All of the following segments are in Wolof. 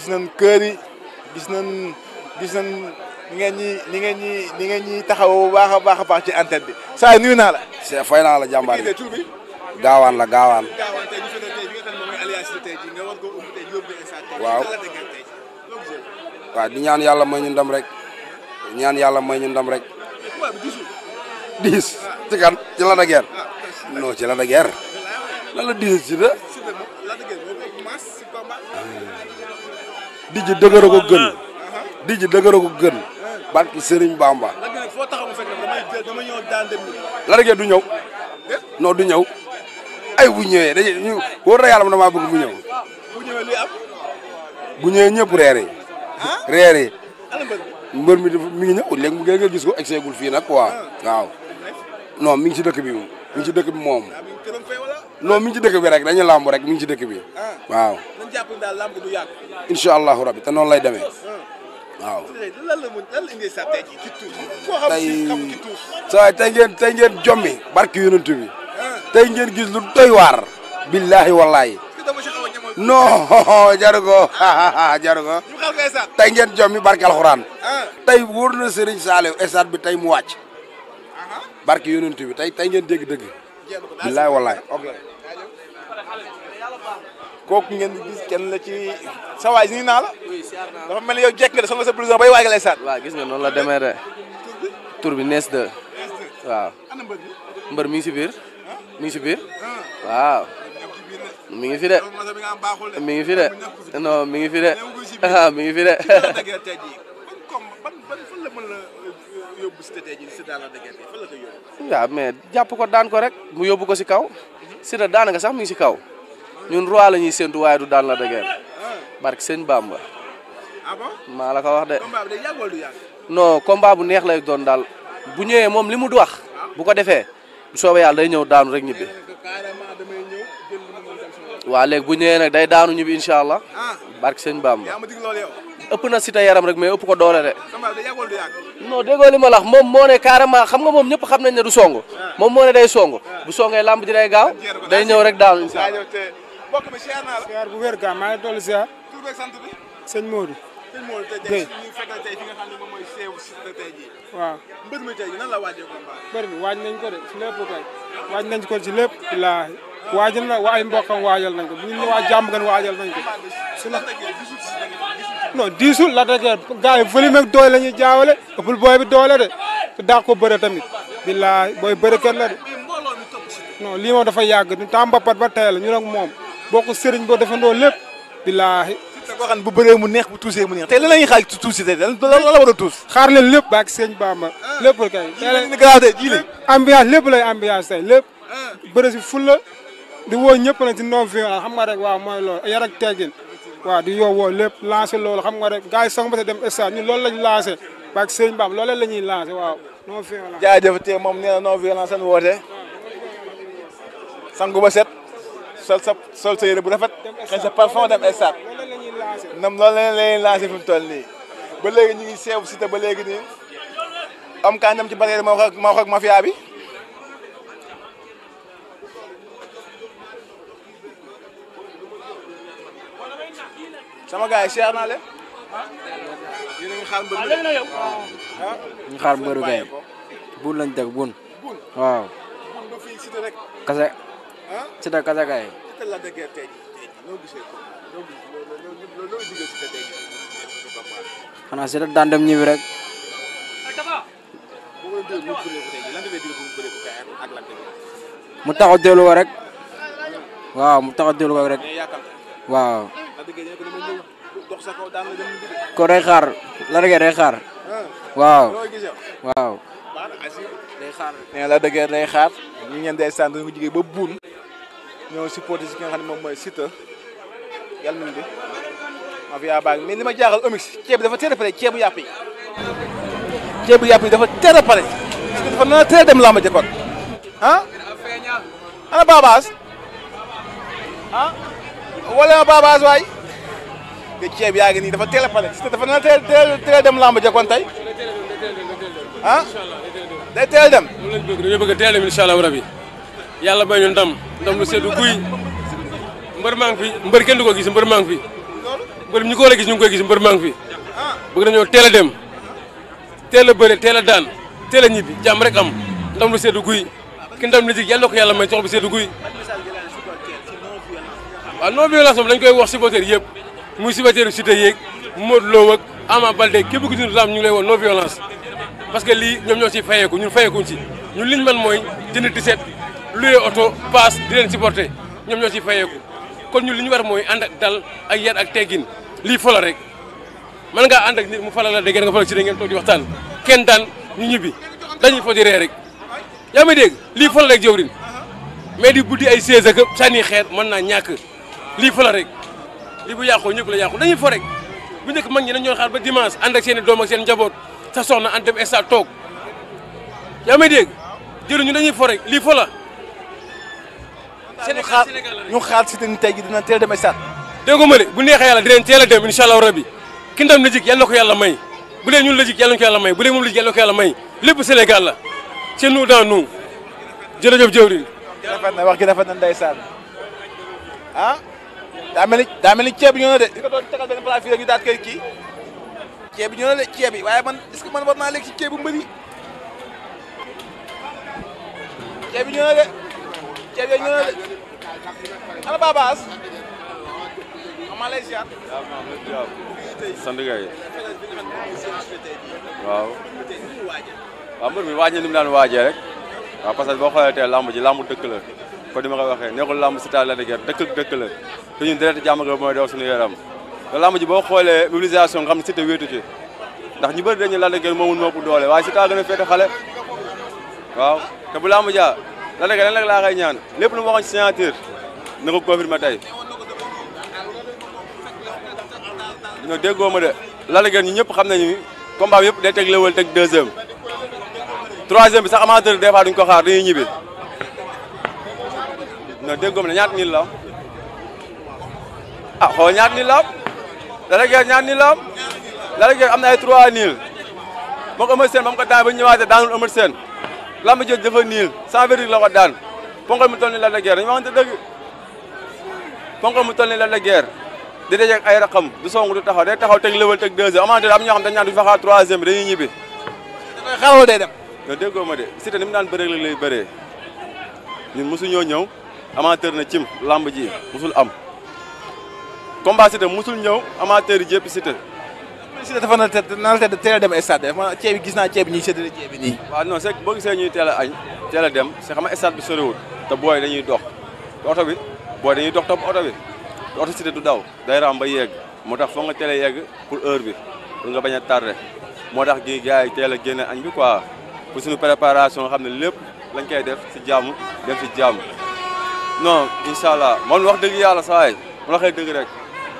gis nañ kër yi gis nañ gis nañ ni ngeen ñi ni ngeen ñi ni ngeen ñi taxaw bu baax a baax a baax ci antenne bi saa nuyu naa la c'est fay naa la jàmbaar yi gaawaan la gaawaan gaawaan rek ñaan yàlla may rek diis ci kan ci la da ah, non ci di ji dëgër ko gën di ji dëgër ko gën barki Serigne Bamba. Lac de Guiers du ñëw eh? non du ñëw ay bu ñëwee dañuy ñu na yàlla man mu ñëw. Ah, bu ñëwee luy ñëwee ñëpp reer yi. Ah? mbër mi mi ngi ñëw léegi mu ngi nga gis ko egg seegul fii nag waaw ah. waaw non mi ngi ci dëkk bi mi ngi ci dëkk bi moom non mi ngi ci dëkk bi rek dañu làmb rek mi ngi ci dëkk bi ah. waaw nañ jàpp daal làmb du rabbi te noonu lay demee ah. waaw tey saa tey ngeen tey ngeen jommi barki yonent ah. ngeen gis lu doy waar billahi wallahi non jaru ko jaru ngeen jommi barki alxuraan tey wóor na Serigne Saliou stade bi tey mu wàcc barke yonent bi tey tey ngeen dégg dëgg billaay wallaay ok kooku ngeen gis kenn la ci sa waay nii naa la dafa mel ni yow jekk nga de songa sa prison bay waay nga lay saat waaw gis nga noonu la demee de tur bi de waaw mbër mi ngi si biir mi si biir waaw mi ngi fi de mi de non mi de mi de Ya, Siteu ji Siteu la dëggante la ko mais ko daan mu ko si kaw. Siteu daana nga sax mu ngi si kaw ñun roi la du daan la barke Bamba. ah bon maa la ko wax de. combat bi du non combat bu neex lay doon bu barke Bamba ëpp na Siteu yaram rek mais ëpp ko doole de. non déggoo li ma lax moom moo ne carrément xam nga moom ñëpp xam nañ ne du song. Ah. moom moo ne day song bu songee làmb ji day gaaw day ñëw rek daal incha allah. mbokk mi siyaar naa la. siyaar bu wér gaa maa ngi dolli siyaar. tur beeg sant bi. sëñ Modou. sëñ Modou tey tey ñu fekk tey fi nga xam ne moom mooy seewu Siteu tey jii. waaw mi tey nan la waajee combat. mbër mi waaj nañ ko de si lépp kay. waaj nañ ko si lépp. billaahi waajal na waa ay mbokkam nañ ko ñu ne waa jàmm gan waajal nañ ko. su la non diisul Lac de Guiers gars yi volume ak doole la ñuy jaawale ëppul booy bi doole de te daa ko bëre tamit booy bëre kenn la de non lii moom dafa yàgg ñu temps mbapat ba tey la ñu nag moom bokk sëriñ boo defandoo lépp billaahi te koo xam ne bu bëree mu neex bu tuusee mu neex tey lan la ñuy xaar ci tuus tey lan la war a tuus. xaar leen lépp baak sëñ Bamba lépp kay. Ah. lii la tey jii ambiance lépp lay ambiance tey lépp ah. bëre si fulla di woo ñëpp nag si non violence xam nga rek waaw mooy loolu yar ak waaw di yowoo lépp lancé loolu xam nga rek gars yi sax ba dem stade ñun loolu lañ lancé parce que sëñ Bam loolee la ñuy lancé waaw non violence jaajëf moom nee na non violence seen woote sangu ba set sol sa sol sa bu rafet xëy sa parfum dem stade nam loolu la lañuy lancé fi nii ba léegi ñu ngi seew si te ba léegi nii am kaan dem ci barrière moo wax ak moo bi sama gars cher na le leen. ngi xaar yow. ñu xaar gay bun lañ teg bun. waaw. bun ba fii Siteu rek. gay. la dëggee tey noo gisee ko rek. mu delu rek. waaw mu delu rek. waaw. ko day xaar la dëgg day xaar waaw waaw day xaar nee la dëgg day xaar ñu ngeen day sant dañ ko jigéen ba buun ñoo supporté si ki nga xam ne moom mooy Siteu yàlla nañ ma fi yaa baag mais li ma jaaxal omix ceeb dafa teel a pare ceebu yàpp yi ceebu yàpp yi dafa teel a pare dafa nana teel a dem làmb ja kon ah ana baabaas ah wala ma baabaas waay te ceeb yaa ngi nii dafa teel a pare te dafa na teel teel dem làmb ja kon tey ah day teel dem moom lañ bëgg teel dem incha allahu rabi yàlla may ñu ndam ndam lu seddu guy mbër maa ngi fi mbër kenn du ko gis mbër maa ngi fi mbër ñu ko war a gis ñu ngi koy gis mbër maa ngi fi bëgg nañoo teel a dem teel a bëre teel a daan teel a ñibbi jàmm rek am ndam lu seddu guy ki ndam li jig yàlla na ko yàlla may sox bu seddu guy waaw ah, non violence moom dañ koy wax supporter yëpp muy supporter Cité yeeg Modou Lo ak Ama Baldé képp ku ci ñu ngi lay wax non violence. parce que lii ñoom ñoo ciy fayeeku ñun fayeekuñ ci ñun liñ man mooy jënd ticket loué oto paas di leen supporter ñoom ñoo ciy fayeeku kon ñu li ñu war mooy ànd ak dal ak yar ak teggin lii fola rek man ngaa ànd ak nit mu falal la dégg nga falal ci da ngeen toog di waxtaan kenn daan ñu ñibbi dañuy fo di rek yaa ngi lii fola rek jëwrin mais di buddi ay 16 ak sànni xeer mën naa ñàkk li fa la rek li bu yàqoo ñëpp la yàqu dañuy fo rek bu ñek mag ñi dañu xaar ba dimanche and ak seen doom ak seen jabot sa soxna and dem estat tok ya may deg jëru ñu dañuy fo rek li fa la seen xaar ñu xaar ci tan tay gi dina teel dem estat dégg ma de bu neexee yàlla dinañ teel dem inshallah rabbi ki ndam na jik yalla ko yalla may bu dee ñun la jik yalla ko yalla may bu dee mom la jik yalla ko yalla may lepp senegal la c'est nous dans nous jërëjëf jëwriñ rafet na wax gi rafet na ndeysaan ah daa mel ni daa ni ceeb bi ñëw na de di ko doon tegal benn plat ñu daat koy kii ceeb bi de ceeb waaye man est-ce que man war naa lekk ci ceeb bu mbëri ceeb bi ñëw na de ceeb bi ñëw na de ana Babaas maa waaw waaw mbir mi waajal ni mu daan waajee rek waaw parce que boo xoolee lamb ji lamb dëkk la ko ni ma ko waxee neexul lamb si taal la dëgg dëkk te ñun deret Diamaguène mooy daw suñu yaram te lamb ji boo xoolee mobilisation nga xam ne Siteu wéetu ci ndax ñu bëri dañu Lac de Guiers moomun moo ëpp doole waaye Siteu a gën a féete xale waaw te bu lamb ja Lac de laa koy ñaan lépp lu ma waxoon ci signature na ko confirmé tey ñoo déggoo ma de Lac de Guiers ñu ñëpp xam nañu combat bi yëpp day teg lewal teg deuxième troisième bi sax amateur des fois duñ ko xaar dañuy ñibbi ñoo déggoo ma ne ñaata nit la ah xool ñaar nil la am Lac de Guiers ñaar nil la am Lac de Guiers ay 3 nil moog Eumeu Sène ba mu ko daan ba ñëwaatee daanul Eumeu Sène lamb jël dafa niil sans verdict la ko daan ponkal mu toll ni Lac de Guiers dañu waxante dëgg ponkal mu toll ni Lac de Guiers di dajeeg ay raqam du song du taxaw day taxaw teg level teg deux heures amaante am ñoo xam dañ naan du fa xaar troisième bi dañuy ñibbi. da xaaroo day dem. non déggoo de Siteu ni mu daan lay ñun ñoo ñëw amateur na cim lamb ji musul am. combat Siteu musul ñëw amateur yi jépp Siteu. Siteu dafa na la te teel a dem stade dafa ceeb bi gis naa ceeb bi ñuy séddale ceeb bi nii. waaw non c'est boo gisee ñuy teel añ teel dem c'est xam nga stade bi soriwul te booy dañuy dox oto bi booy dañuy dox topp oto bi oto Siteu du daw day raam ba yegg moo tax foog nga teel a yegg pour heure bi pour nga bañ a tardé moo tax gi gars teel a génne añ bi quoi pour suñu préparation xam ne lépp lañ koy def si jàmm dem si jàmm non incha allah man wax dëgg yàlla saa yi dëgg rek.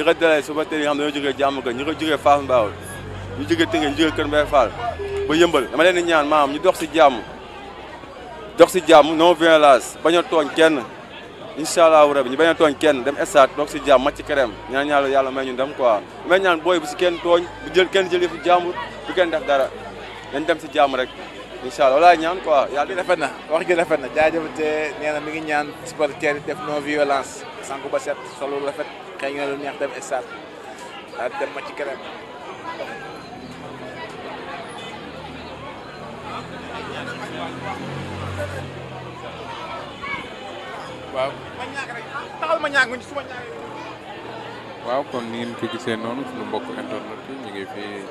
di ko dalee suba tey nga xam dañoo jógee jàmm gën ñu ko jógee Fass Mbao ñu jógee Tëngéej ñu jógee Kër Mbaye Fall ba yëmbal dama leen ñaan maam ñu dox si jàmm dox si jàmm non violence bañ a tooñ kenn incha allahu rabi ñu bañ a tooñ kenn dem stade dox si jàmm macc kerem ñaan ñaalo yàlla may ñu dem quoi may ñaan booy bu si kenn tooñ bu jël kenn jël yëfu jàmbur bu kenn def dara nañ dem si jàmm rek incha wala walaay ñaan quoi yàlla rafet na wax gi rafet na jaajëfate nee mi ngi ñaan supporter def non violence sanku ba set solo rafet wow, nga lu neex dem stade Wow. dem ma ci keneen waaw taxal ma ñaag ci suma ñaag waaw kon ni ngeen gisee noonu mbokk internet yi ñu ngi